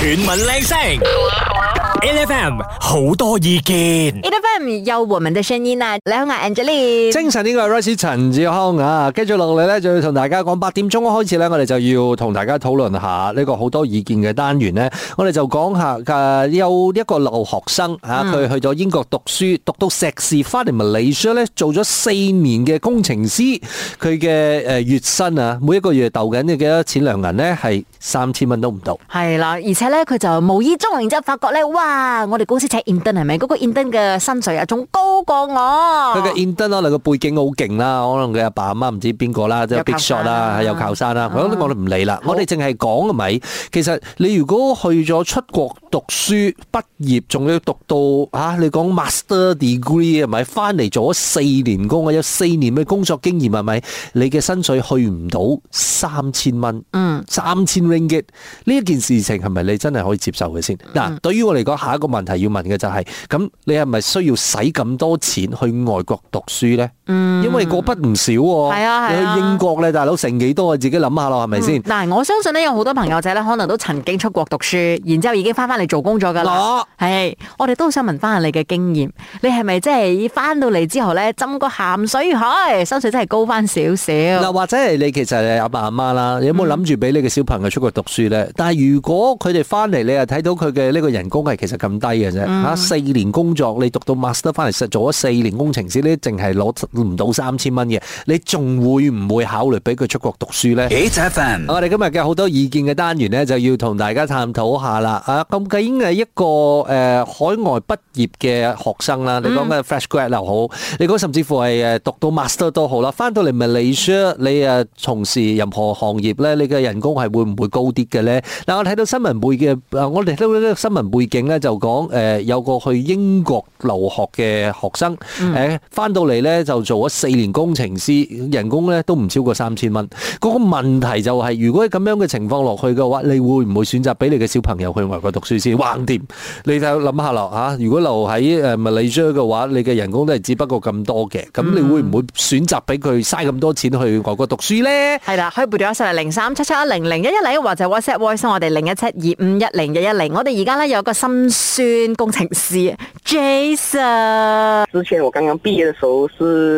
全民靚聲。L.F.M. 好多意見。L.F.M. 有我們的聲音,你好，我係 Angeline，精神呢個係 Rice 陳志康啊！跟住落嚟咧就要同大家講，八點鐘開始咧，我哋就要同大家討論下呢個好多意見嘅單元咧。我哋就講下誒，有一個留學生啊，佢去咗英國讀書，讀到碩士，翻嚟馬來西亞咧，做咗四年嘅工程師，佢嘅誒月薪啊，每一個月逗緊你幾多錢兩銀咧，係三千蚊都唔到。係啦，而且咧佢就無意中，然之後發覺咧，哇！啊！我哋公司請 intern 係咪？嗰、那個 intern 嘅薪水啊，仲高過我。佢個 intern 可能個背景好勁啦，可能佢阿爸阿媽唔知邊個啦，即係 big shot 啦，有靠山啦、啊。我都講得唔理啦，我哋淨係講係咪？其實你如果去咗出國。讀書畢業仲要讀到啊，你講 master degree 係咪？翻嚟做咗四年工啊，有四年嘅工作經驗係咪？你嘅薪水去唔到三千蚊？嗯，三千 ringgit 呢一件事情係咪你真係可以接受佢先？嗱，嗯啊，對於我嚟講，下一個問題要問嘅就係、是，咁你係咪需要使咁多錢去外國讀書呢？嗯、因為個筆唔少喎、啊啊啊，你去英國咧，大佬剩幾多啊？自己諗下咯，係咪先？嗱、嗯，我相信呢，有好多朋友仔咧，可能都曾經出國讀書，然之後已經翻翻嚟做工作㗎啦。係、啊，我哋都想問翻下你嘅經驗，你係咪即係翻到嚟之後咧，浸個鹹水海，收水真係高翻少少？嗱，或者係你其實阿爸阿媽啦，你有冇諗住俾你嘅小朋友出國讀書咧、嗯？但係如果佢哋翻嚟，你又睇到佢嘅呢個人工係其實咁低嘅啫嚇，四、嗯啊、年工作你讀到 master 翻嚟實做咗四年工程師你淨係攞唔到三千蚊嘅，你仲會唔會考慮俾佢出國讀書咧？H F M，我哋今日嘅好多意見嘅單元咧，就要同大家探討下啦。啊，咁既然係一個誒海外畢業嘅學生啦，你講嘅 fresh grad 又好，你講甚至乎係誒讀到 master 都好啦，翻到嚟馬來西亞，你誒從事任何行業咧，你嘅人工係會唔會高啲嘅咧？嗱，我睇到新聞背景，我哋睇到新聞背景咧就講，誒有個去英國留學嘅學生，誒翻到嚟咧就。做咗四年工程師，人工咧都唔超過三千蚊。嗰個問題就係，如果咁樣嘅情況落去嘅話，你會唔會選擇俾你嘅小朋友去外國讀書先橫掂？你就諗下咯吓。如果留喺誒 Malaysia 嘅話，你嘅人工都係只不過咁多嘅，咁你會唔會選擇俾佢嘥咁多錢去外國讀書咧？係啦，可以撥打我手機零三七七一零零一一零，或者 WhatsApp WhatsApp 我哋零一七二五一零一一零。我哋而家咧有個心酸工程師 Jason。之前我剛剛畢業嘅時候是。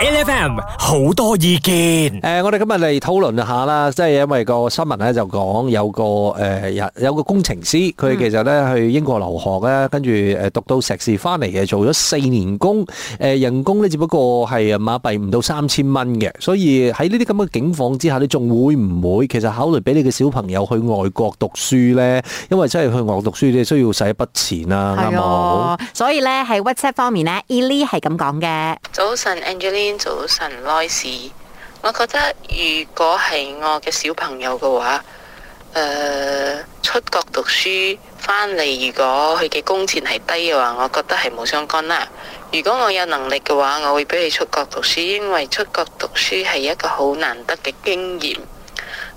L.F.M. 好多意見誒、呃，我哋今日嚟討論下啦，即係因為個新聞咧就講有個誒、呃、有個工程師，佢其實咧去英國留學咧，跟住誒讀到碩士翻嚟嘅，做咗四年工，誒、呃、人工咧只不過係馬幣唔到三千蚊嘅，所以喺呢啲咁嘅境況之下，你仲會唔會其實考慮俾你嘅小朋友去外國讀書咧？因為真係去外國讀書你需要使一筆錢，啱唔啱？所以咧喺 WhatsApp 方面咧，Eli 係咁講嘅。早晨，Angelina。早晨、Likes、我覺得如果係我嘅小朋友嘅話，誒、呃、出國讀書返嚟，如果佢嘅工錢係低嘅話，我覺得係冇相干啦。如果我有能力嘅話，我會俾佢出國讀書，因為出國讀書係一個好難得嘅經驗。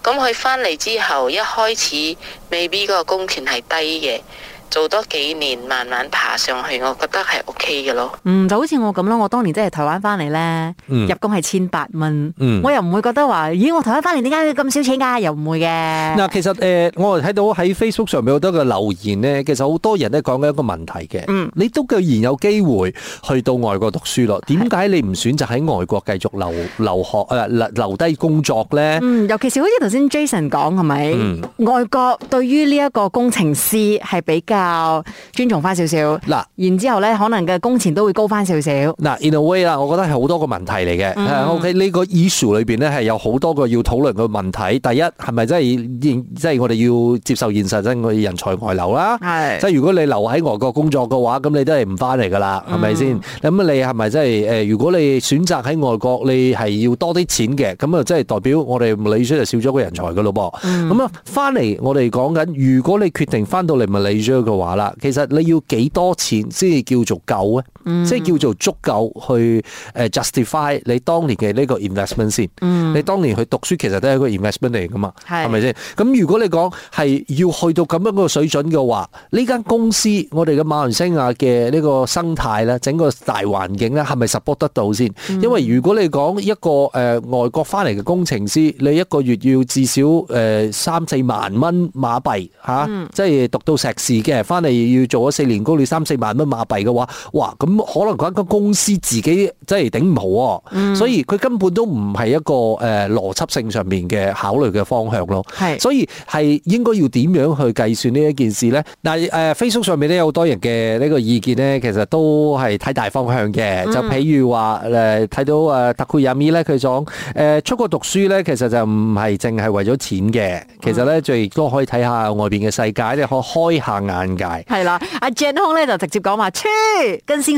咁佢返嚟之後，一開始未必嗰個工錢係低嘅。做多幾年，慢慢爬上去，我覺得係 O K 嘅咯。嗯，就好似我咁咯，我當年即係台灣翻嚟咧，入工係千八蚊，我又唔會覺得話，咦，我台灣翻嚟點解咁少錢噶？又唔會嘅。嗱，其實誒，我睇到喺 Facebook 上面好多嘅留言咧，其實好多人咧講緊一個問題嘅。嗯，你都既然有機會去到外國讀書咯，點解你唔選擇喺外國繼續留留學誒留留低工作咧？嗯，尤其是好似頭先 Jason 講係咪？嗯，外國對於呢一個工程師係比較。尊重翻少少嗱，然之後咧可能嘅工錢都會高翻少少嗱。Now, in a way 啦，我覺得係好多個問題嚟嘅。Mm -hmm. OK，呢個 issue 裏邊咧係有好多個要討論嘅問題。第一係咪真係即係我哋要接受現實真嘅人才外流啦？即係如果你留喺外國工作嘅話，咁你都係唔翻嚟噶啦，係咪先？咁你係咪真係？誒，如果你選擇喺外國，你係要多啲錢嘅，咁啊，即係代表我哋馬來西亞就少咗個人才噶咯噃。咁啊，翻嚟我哋講緊，如果你決定翻到嚟咪嚟嘅話啦，其實你要幾多錢先至叫做夠啊？即係叫做足夠去誒 justify 你當年嘅呢個 investment 先。你當年去讀書其實都係一個 investment 嚟噶嘛是，係咪先？咁如果你講係要去到咁樣個水準嘅話，呢間公司我哋嘅馬來西亞嘅呢個生態咧，整個大環境咧，係咪 support 得到先？因為如果你講一個、呃、外國翻嚟嘅工程師，你一個月要至少三四萬蚊馬幣吓即係、啊就是、讀到碩士嘅，翻嚟要做咗四年工，你三四萬蚊馬幣嘅話，哇咁～可能佢一個公司自己真係頂唔好，啊，所以佢根本都唔係一個誒邏輯性上面嘅考慮嘅方向咯。係所以係應該要點樣去計算呢一件事咧？嗱，誒 Facebook 上面咧，有好多人嘅呢個意見咧，其實都係睇大方向嘅。就譬如話誒睇到誒 Takumi 咧，佢講誒出國讀書咧，其實就唔係淨係為咗錢嘅，其實咧最多可以睇下外邊嘅世界，你可以開下眼界。係啦，阿 Jian Hong 咧就直接講話，跟先。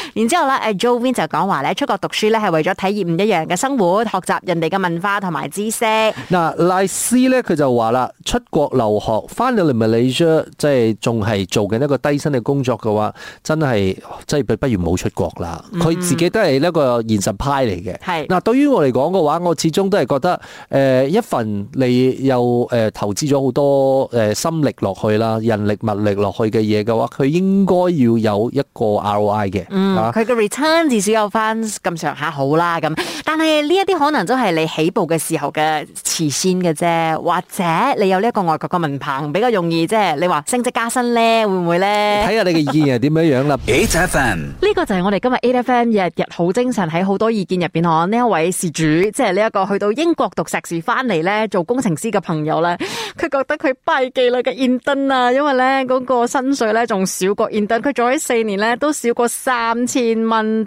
然之後咧，Joanne 就講話咧，出國讀書咧係為咗體驗唔一樣嘅生活，學習人哋嘅文化同埋知識。嗱，賴斯咧佢就話啦，出國留學翻到嚟咪你即係仲係做緊一個低薪嘅工作嘅話，真係即係不如冇出國啦。佢自己都係一個現實派嚟嘅。係、mm-hmm、嗱，對於我嚟講嘅話，我始終都係覺得，誒、呃、一份你又誒、呃、投資咗好多誒、呃、心力落去啦、人力物力落去嘅嘢嘅話，佢應該要有一個 ROI 嘅。Mm-hmm. 佢嘅 return 至少有翻咁上下好啦咁，但係呢一啲可能都係你起步嘅時候嘅遲先嘅啫，或者你有呢一個外國嘅文憑比較容易啫。你話升職加薪咧，會唔會咧？睇下你嘅意見係 點樣樣啦。A F M 呢個就係我哋今日 A F M 日日好精神喺好多意見入邊。看呢一位事主，即係呢一個去到英國讀碩士翻嚟咧做工程師嘅朋友咧，佢覺得佢閉記啦嘅 intern 啊，因為咧嗰個薪水咧仲少過 intern，佢做咗四年咧都少過三。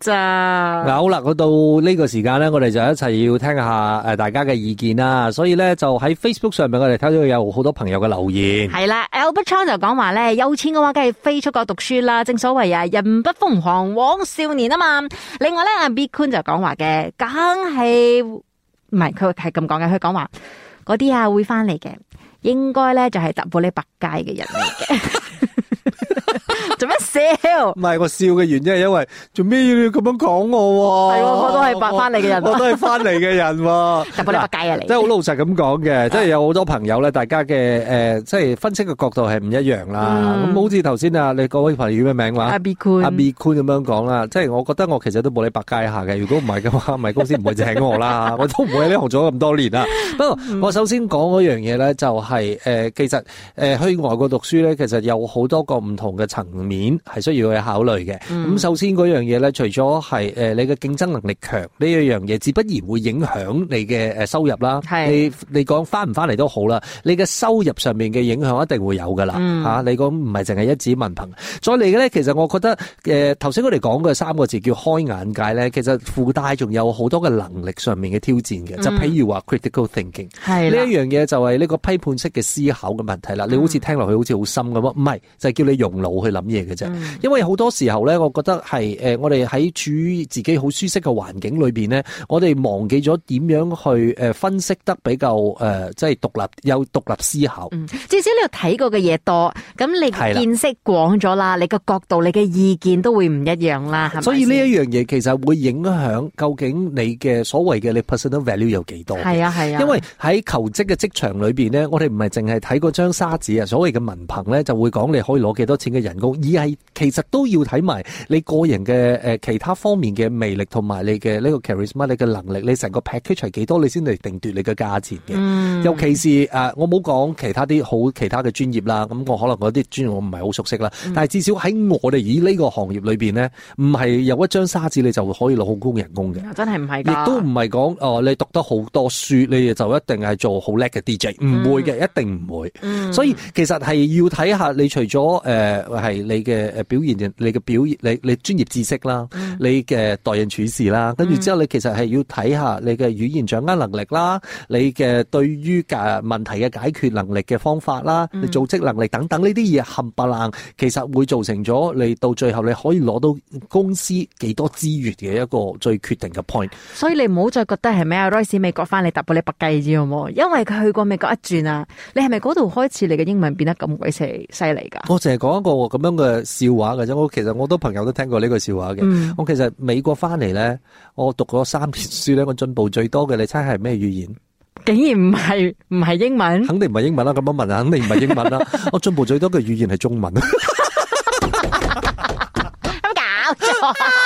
咋嗱好啦，到呢個時間咧，我哋就一齊要聽一下誒大家嘅意見啦。所以咧就喺 Facebook 上面，我哋睇到有好多朋友嘅留言。係啦，Albert Chong 就講話咧有錢嘅話，梗係飛出國讀書啦。正所謂啊，人不瘋狂枉少年啊嘛。另外咧，阿 B 坤就講話嘅，梗係唔係佢係咁講嘅。佢講話嗰啲啊會翻嚟嘅，應該咧就係踏玻你百佳嘅人嚟嘅。 做咩笑？唔係我笑嘅原因係因為做咩要咁樣講我、啊？係、哦，我都係白翻嚟嘅人、啊我，我都係翻嚟嘅人、啊。唔 好理白雞啊你，即係好老實咁講嘅，即係有好多朋友咧，大家嘅誒，即、呃、係分析嘅角度係唔一樣啦。咁好似頭先啊，你各位朋友嘅名話阿 B 君，阿 B 君咁樣講啦，即係我覺得我其實都冇你白雞下嘅。如果唔係嘅話，咪 公司唔會請我啦。 我都唔會喺呢行做咗咁多年啦。不過我首先講嗰樣嘢咧，就係誒，其實誒、呃、去外國讀書咧，其實有好多個唔同嘅層面。係需要去考慮嘅。咁首先樣嘢咧，除咗係誒你嘅競爭能力強呢樣嘢，自不然會影響你嘅誒收入啦。係你你講翻唔翻嚟都好啦，你嘅收入上面嘅影響一定會有噶啦。吓、嗯啊，你講唔係淨係一紙文憑。再嚟嘅咧，其實我覺得誒頭先我哋講嘅三個字叫開眼界咧，其實附帶仲有好多嘅能力上面嘅挑戰嘅、嗯。就譬如話 critical thinking，呢一樣嘢就係呢個批判式嘅思考嘅問題啦。嗯、你好似聽落去好似好深咁咯，唔係就係、是、叫你用腦去諗。嘢嘅啫，因為好多時候咧，我覺得係誒，我哋喺處於自己好舒適嘅環境裏邊咧，我哋忘記咗點樣去誒分析得比較誒、呃，即係獨立有獨立思考。嗯、至少你有睇過嘅嘢多，咁你見識廣咗啦，你個角度、你嘅意見都會唔一樣啦。所以呢一樣嘢其實會影響究竟你嘅所謂嘅你的 personal value 有幾多。係啊係啊，因為喺求職嘅職場裏邊咧，我哋唔係淨係睇嗰張沙紙啊，所謂嘅文憑咧就會講你可以攞幾多錢嘅人工。而係其實都要睇埋你個人嘅誒其他方面嘅魅力同埋你嘅呢個 charisma，你嘅能力，你成個 package 係幾多，你先嚟定奪你嘅價錢嘅、嗯。尤其是誒我冇講其他啲好其他嘅專業啦。咁我可能啲專業我唔係好熟悉啦。嗯、但係至少喺我哋以呢個行業裏邊咧，唔係有一張沙紙你就會可以攞好高人工嘅。真係唔係㗎，亦都唔係講哦，你讀得好多書你就一定係做好叻嘅 DJ，唔會嘅、嗯，一定唔會、嗯，所以其實係要睇下你除咗誒係。呃你嘅誒表現，你嘅表現，你你專業知識啦、嗯，你嘅待人處事啦，跟、嗯、住之後你其實係要睇下你嘅語言掌握能力啦、嗯，你嘅對於誒問題嘅解決能力嘅方法啦、嗯，你組織能力等等呢啲嘢冚唪唥，其實會造成咗你到最後你可以攞到公司幾多資源嘅一個最決定嘅 point。所以你唔好再覺得係咩啊 Royce 美國翻嚟答步啲白雞之啊嘛，因為佢去過美國一轉啊，你係咪嗰度開始你嘅英文變得咁鬼死犀利㗎？我淨係講一個咁樣嘅。嘅笑話嘅啫，我其實我都朋友都聽過呢個笑話嘅、嗯。我其實美國翻嚟咧，我讀咗三年書咧，我進步最多嘅，你猜係咩語言？竟然唔係唔係英文？肯定唔係英文啦、啊。咁樣問啊，肯定唔係英文啦、啊。 我進步最多嘅語言係中文啊。 咁搞錯。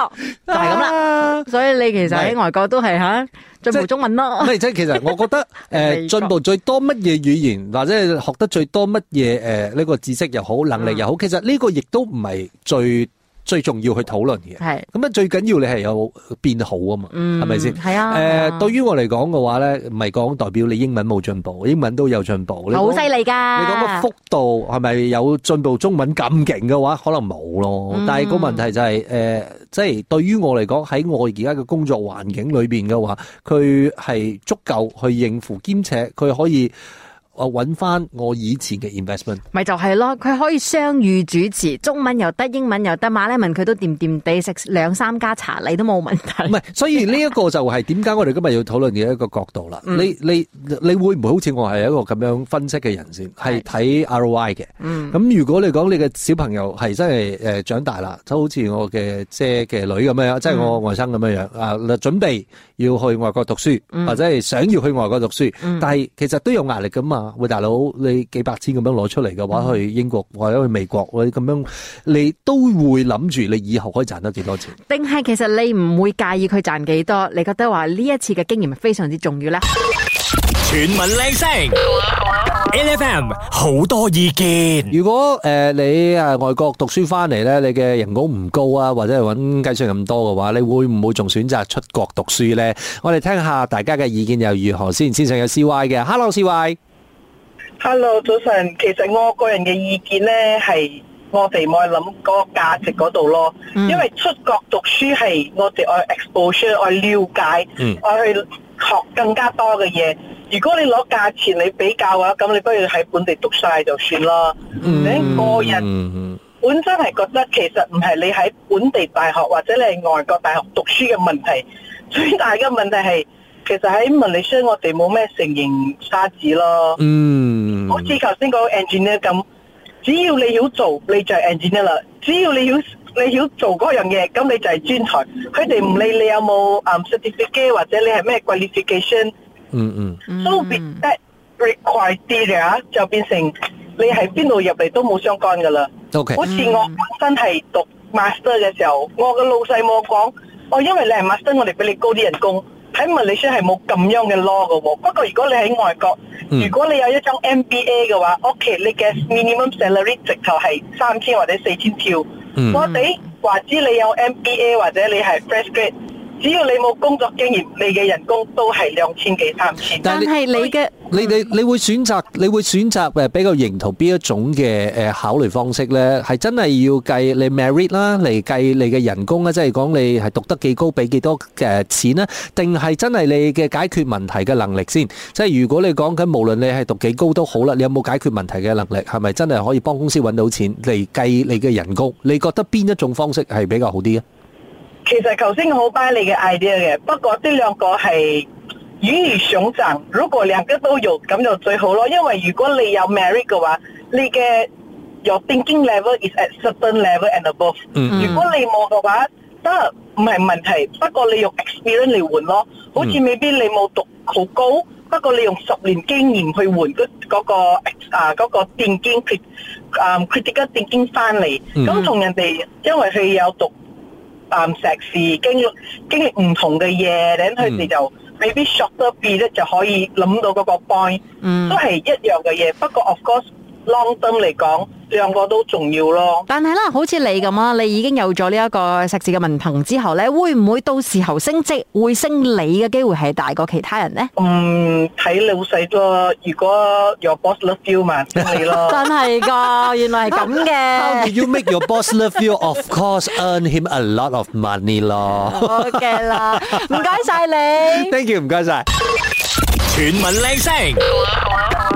哦、就係咁啦，所以你其實喺外國都係吓進步中文咯即。唔係、即係，其實我覺得誒，進、 呃、步最多乜嘢語言，或者學得最多乜嘢誒，呢、呃這個知識又好，能力又好、嗯，其實呢個亦都唔係最。最重要去討論嘅係咁啊，最緊要你係有變好啊嘛，係咪先係啊？誒、呃啊，對於我嚟講嘅話咧，唔係講代表你英文冇進步，英文都有進步。好犀利噶！你講個幅度係咪有進步？中文咁勁嘅話，可能冇咯。嗯、但係個問題就係、是、誒、呃，即係對於我嚟講喺我而家嘅工作環境裏邊嘅話，佢係足夠去應付，兼且佢可以。我揾翻我以前嘅 investment，咪就係咯，佢可以雙語主持，中文又得，英文又得，馬來文佢都掂掂地食兩三家茶，你都冇問題。唔係，所以呢一個就係點解我哋今日要討論嘅一個角度啦、嗯。你你你會唔會好似我係一個咁樣分析嘅人先？係睇 ROI 嘅。咁、嗯、如果你講你嘅小朋友係真係誒長大啦，就好似我嘅姐嘅女咁樣，即係我外甥咁樣樣啊，嗯、準備要去外國讀書，或者係想要去外國讀書，但係其實都有壓力噶嘛。喂，大佬，你幾百千咁樣攞出嚟嘅話，去英國或者去美國，或者咁樣，你都會諗住你以後可以賺得幾多錢？定係其實你唔會介意佢賺幾多？你覺得話呢一次嘅經驗係非常之重要咧？全民靚聲，N.F.M. 好多意見。如果誒你誒外國讀書翻嚟咧，你嘅人工唔高啊，或者係搵計算咁多嘅話，你會唔會仲選擇出國讀書咧？我哋聽下大家嘅意見又如何先？線上有 C.Y. 嘅，Hello，C.Y. hello，早晨。其實我個人嘅意見咧，係我哋冇去諗嗰個價值嗰度咯、嗯。因為出國讀書係我哋愛 exposure，愛了解，愛、嗯、去學更加多嘅嘢。如果你攞價錢嚟比較嘅話，咁你不如喺本地讀晒就算咯、嗯。你個人本身係覺得其實唔係你喺本地大學或者你喺外國大學讀書嘅問題，最大嘅問題係其實喺文理商我哋冇咩成形沙子咯。嗯。好似頭先個 engineer 咁，只要你要做，你就係 engineer 啦。只要你要，你要做嗰樣嘢，咁你就係專才。佢哋唔理你有冇誒 certificate 或者你係咩 qualification。嗯 嗯樂。所、so、以 that requirement 就變成你喺邊度入嚟都冇相干噶啦。Okay. 好似我本身係讀 master 嘅時候，我嘅老細冇講，哦，因為你係 master，我哋俾你高啲人工。喺 m a u r i 係冇咁樣嘅 law 噶喎。不過如果你喺外國，如果你有一張 MBA 嘅話，OK，你嘅 minimum salary 直頭係三千或者四千票。我哋話知你有 MBA，或者你係 fresh grade 只要你冇工作經驗，你嘅人工都係兩千幾三千。但係你嘅你你你會選擇你會選擇誒比較認同邊一種嘅誒考慮方式咧？係真係要計你 merit 啦，嚟計你嘅人工咧，即係講你係讀得幾高，俾幾多嘅錢咧？定係真係你嘅解決問題嘅能力先？即係如果你講緊無論你係讀幾高都好啦，你有冇解決問題嘅能力？係咪真係可以幫公司揾到錢嚟計你嘅人工？你覺得邊一種方式係比較好啲啊？其實頭先好 buy 你嘅 idea 嘅，不過呢兩個係魚與熊掌。如果兩個都有，咁就最好咯。因為如果你有 marry 嘅話，你嘅，your thinking level is at certain level and above。如果你冇嘅話，都唔係問題。不過你用 experience 嚟換咯，好似未必你冇讀好高，不過你用十年經驗去換嗰嗰個啊嗰個 thinkingcrit 啊 criticalthinking 翻嚟，咁同人哋因為佢有讀。誒，碩士經經歷唔同嘅嘢，咁佢哋就未必 short 得 B 咧，就可以諗到嗰個 point，嗯，都係一樣嘅嘢。不過 of course。Long term 嚟講，兩個都重要咯。但係啦，好似你咁啊，你已經有咗呢一個碩士嘅文憑之後咧，會唔會到時候升職，會升你嘅機會係大過其他人咧？嗯，睇老細咯。如果 yourboss love you 嘛，升你咯。真係噶，原來係咁嘅。You make your boss love you, of course, earn him a lot of money 咯。OK 啦，唔該晒你。Thank you，唔該晒。全民靚聲。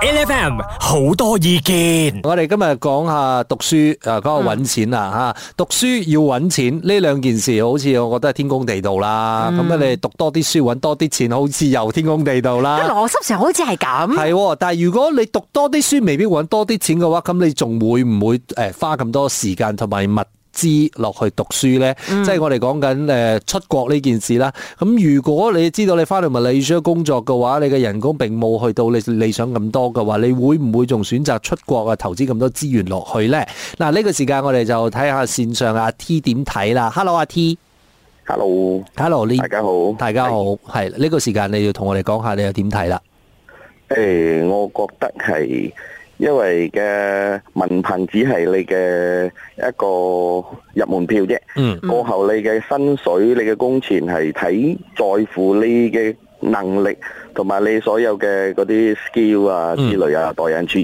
L.F.M. 好多意見，我哋今日講下讀書誒嗰個搵錢啦吓、嗯啊，讀書要搵錢呢兩件事，好似我覺得係天公地道啦。咁、嗯、你讀多啲書搵多啲錢，好似又天公地道啦。一邏輯上好似係咁，係、哦，但係如果你讀多啲書，未必搵多啲錢嘅話，咁你仲會唔會誒花咁多時間同埋物資落去讀書呢，嗯、即係我哋講緊誒出國呢件事啦。咁如果你知道你翻嚟馬來西亞工作嘅話，你嘅人工並冇去到你理想咁多嘅話，你會唔會仲選擇出國啊？投資咁多資源落去呢？嗱呢個時間我哋就睇下線上阿 T 點睇啦。Hello 阿 T，Hello，Hello 李 Hello，大家好，大家好，係、hey。呢、這個時間你要同我哋講下你又點睇啦？誒、欸，我覺得係。因為嘅文憑只係你嘅一個入門票啫，嗯，過後你嘅薪水、你嘅工錢係睇在乎你嘅能力同埋你所有嘅嗰啲 skill 啊之類啊，待人處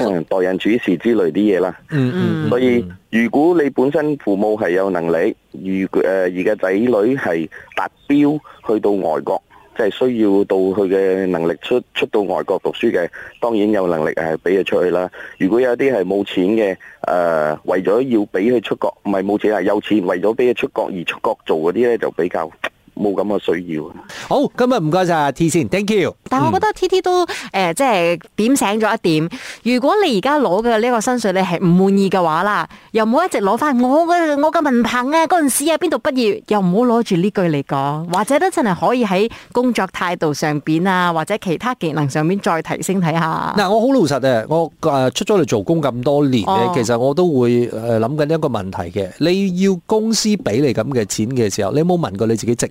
待人處事之類啲嘢啦。嗯嗯，所以如果你本身父母係有能力，如誒而嘅仔女係達標去到外國。即係需要到佢嘅能力出出到外國讀書嘅，當然有能力係俾佢出去啦。如果有啲係冇錢嘅，誒、呃，為咗要俾佢出國，唔係冇錢啊，有錢為咗俾佢出國而出國做嗰啲咧，就比較。冇咁嘅需要。好，今日唔該晒 T 先，Thank you。但係我覺得 T T 都誒，即係點醒咗一點。如果你而家攞嘅呢個薪水你係唔滿意嘅話啦，又唔好一直攞翻我嘅我嘅文憑啊，嗰陣時喺邊度畢業，又唔好攞住呢句嚟講。或者都真係可以喺工作態度上邊啊，或者其他技能上面再提升睇下。嗱，我好老實啊，我誒出咗嚟做工咁多年咧，哦、其實我都會誒諗緊一個問題嘅。你要公司俾你咁嘅錢嘅時候，你有冇問過你自己值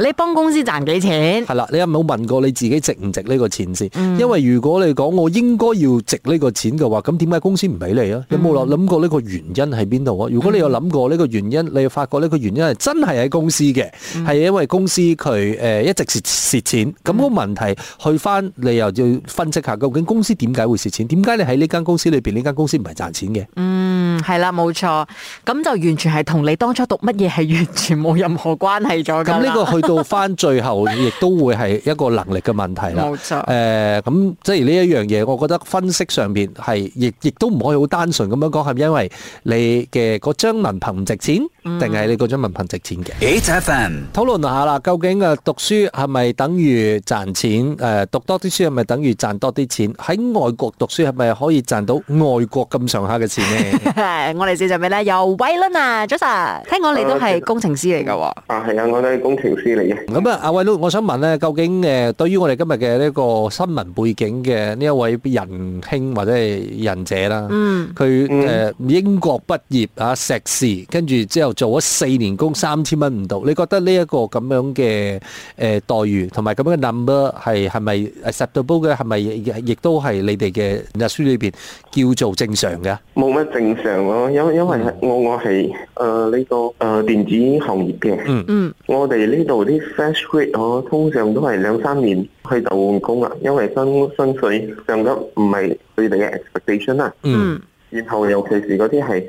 你幫公司賺幾錢？係啦，你有冇問過你自己值唔值呢個錢先，嗯？因為如果你講我應該要值呢個錢嘅話，咁點解公司唔俾你啊，嗯？有冇諗諗過呢個原因喺邊度啊？如果你有諗過呢個原因，你有發覺呢個原因係真係喺公司嘅，係，嗯、因為公司佢誒一直蝕蝕錢。咁，嗯，個問題去翻，你又要分析下，究竟公司點解會蝕錢？點解你喺呢間公司裏邊，呢間公司唔係賺錢嘅？嗯，係啦，冇錯。咁就完全係同你當初讀乜嘢係完全冇任何關係咗噶啦。到翻最後，亦都會係一個能力嘅問題啦。冇錯。誒，咁即係呢一樣嘢，我覺得分析上邊係，亦亦都唔可以好單純咁樣講，係因為你嘅嗰張文憑唔值錢，定係你嗰張文憑值錢嘅？HFN 討論下啦，究竟誒讀書係咪等於賺錢？誒，讀多啲書係咪等於賺多啲錢？喺外國讀書係咪可以賺到外國咁上下嘅錢呢？我哋接住咩咧？有 Wyler Joseph，聽講你都係工程師嚟㗎喎。啊，係啊，我係工程師。咁、嗯、啊，阿威佬,我想問咧,究竟誒，對於我哋今日嘅呢個新聞背景嘅呢一位仁兄或者係仁者啦，嗯，佢誒英國畢業、嗯、啊碩士，跟住之後做咗四年工，三千蚊唔到，你覺得呢一個咁樣嘅誒待遇同埋咁樣嘅 number 係係咪 acceptable 嘅？係咪亦都係你哋嘅日書裏邊叫做正常嘅？冇乜正常咯。啊，因為、嗯、因為我我係誒呢個誒、呃、電子行業嘅，嗯嗯，我哋呢度。啲 fresh graduate 通常都係兩三年去就換工啦，因為薪薪水上得唔係佢哋嘅 expectation 啦。嗯，然後尤其是嗰啲係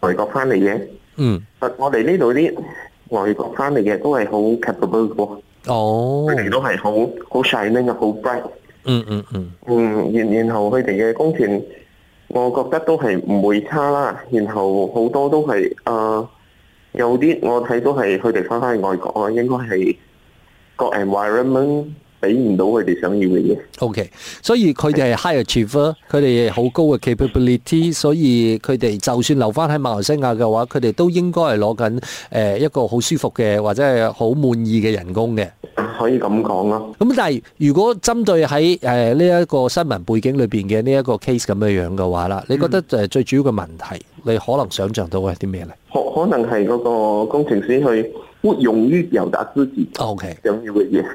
外國翻嚟嘅。嗯，我我哋呢度啲外國翻嚟嘅都係好 capable 嘅。哦，佢哋都係好好 shining 咧，又好 bright。嗯嗯嗯，嗯，然然後佢哋嘅工錢，我覺得都係唔會差啦。然後好多都係啊。有啲我睇都到係佢哋翻翻去外國啊，應該係個 environment 俾唔到佢哋想要嘅嘢。OK，所以佢哋係 high achiever，佢哋好高嘅 capability，所以佢哋就算留翻喺馬來西亞嘅話，佢哋都應該係攞緊誒一個好舒服嘅或者係好滿意嘅人工嘅。可以咁講咯。咁但係，如果針對喺誒呢一個新聞背景裏邊嘅呢一個 case 咁嘅樣嘅話啦，你覺得誒最主要嘅問題，嗯，你可能想象到係啲咩咧？可可能係嗰個工程師去活用於表達自己，OK，想要嘅嘢。Okay.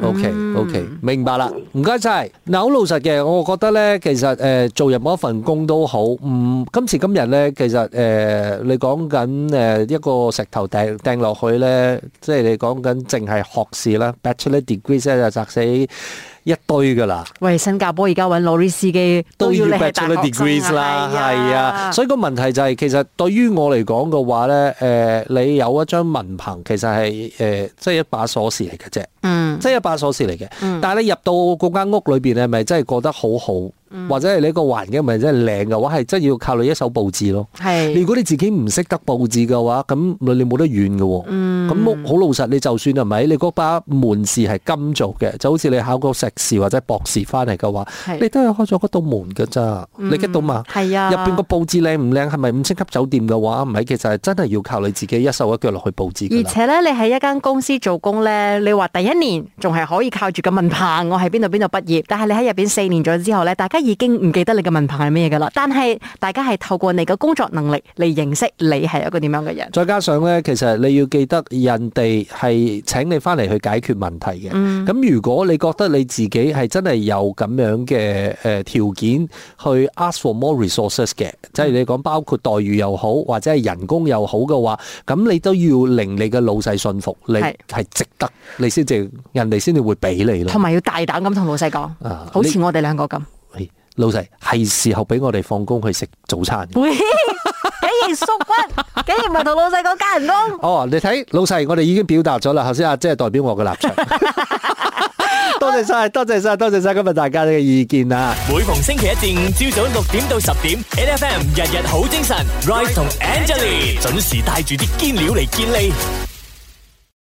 OK，OK，明白啦，唔該晒，嗱，好老實嘅，我覺得咧，其實誒、呃、做任何一份工都好，唔、嗯、今時今日咧，其實誒、呃、你講緊誒一個石頭掟掟落去咧，即係你講緊淨係學士啦，Bachelor Degree 呢，就砸死一堆噶啦，喂，新加坡而家揾 lorry 司機都要 Bachelor Degrees 啦，係、哎、啊，所以個問題就係、是、其實對於我嚟講嘅話咧，誒、呃，你有一張文憑其實係誒，即、呃、係、就是、一把鎖匙嚟嘅啫，嗯，即係一把鎖匙嚟嘅，但係你入到嗰間屋裏邊咧，係咪真係過得好好？或者係你個環境，咪真係靚嘅話，係真要靠你一手布置咯。如果你自己唔識得布置嘅話，咁你冇得怨嘅。喎、嗯。咁好老實，你就算係咪，你嗰把門匙係金做嘅，就好似你考個碩士或者博士翻嚟嘅話，你都係開咗嗰道門㗎咋、嗯，你 get 到嘛？入邊個布置靚唔靚，係咪五星級酒店嘅話，唔係，其實係真係要靠你自己一手一腳落去布置。而且呢，你喺一間公司做工咧，你話第一年仲係可以靠住個文憑，我喺邊度邊度畢業，但係你喺入邊四年咗之後咧，大家。已經唔記得你嘅問題係咩嘢噶啦，但係大家係透過你嘅工作能力嚟認識你係一個點樣嘅人。再加上咧，其實你要記得人哋係請你翻嚟去解決問題嘅。咁、嗯、如果你覺得你自己係真係有咁樣嘅誒條件去 ask for more resources 嘅，即係你講包括待遇又好或者係人工又好嘅話，咁你都要令你嘅老細信服，你係值得，你先至人哋先至會俾你咯。同埋要大膽咁同老細講，啊，好似我哋兩個咁。老細係時候俾我哋放工去食早餐，竟然縮骨，竟然唔係同老細講。加人工哦，你睇老細，我哋已經表達咗啦。頭先阿姐代表我嘅立場。多謝晒，多謝晒，多謝晒，今日大家嘅意見啊！每逢星期一至五朝早六點到十點，N F M 日日好精神，Ray 同 Angelina 準時帶住啲堅料嚟堅利。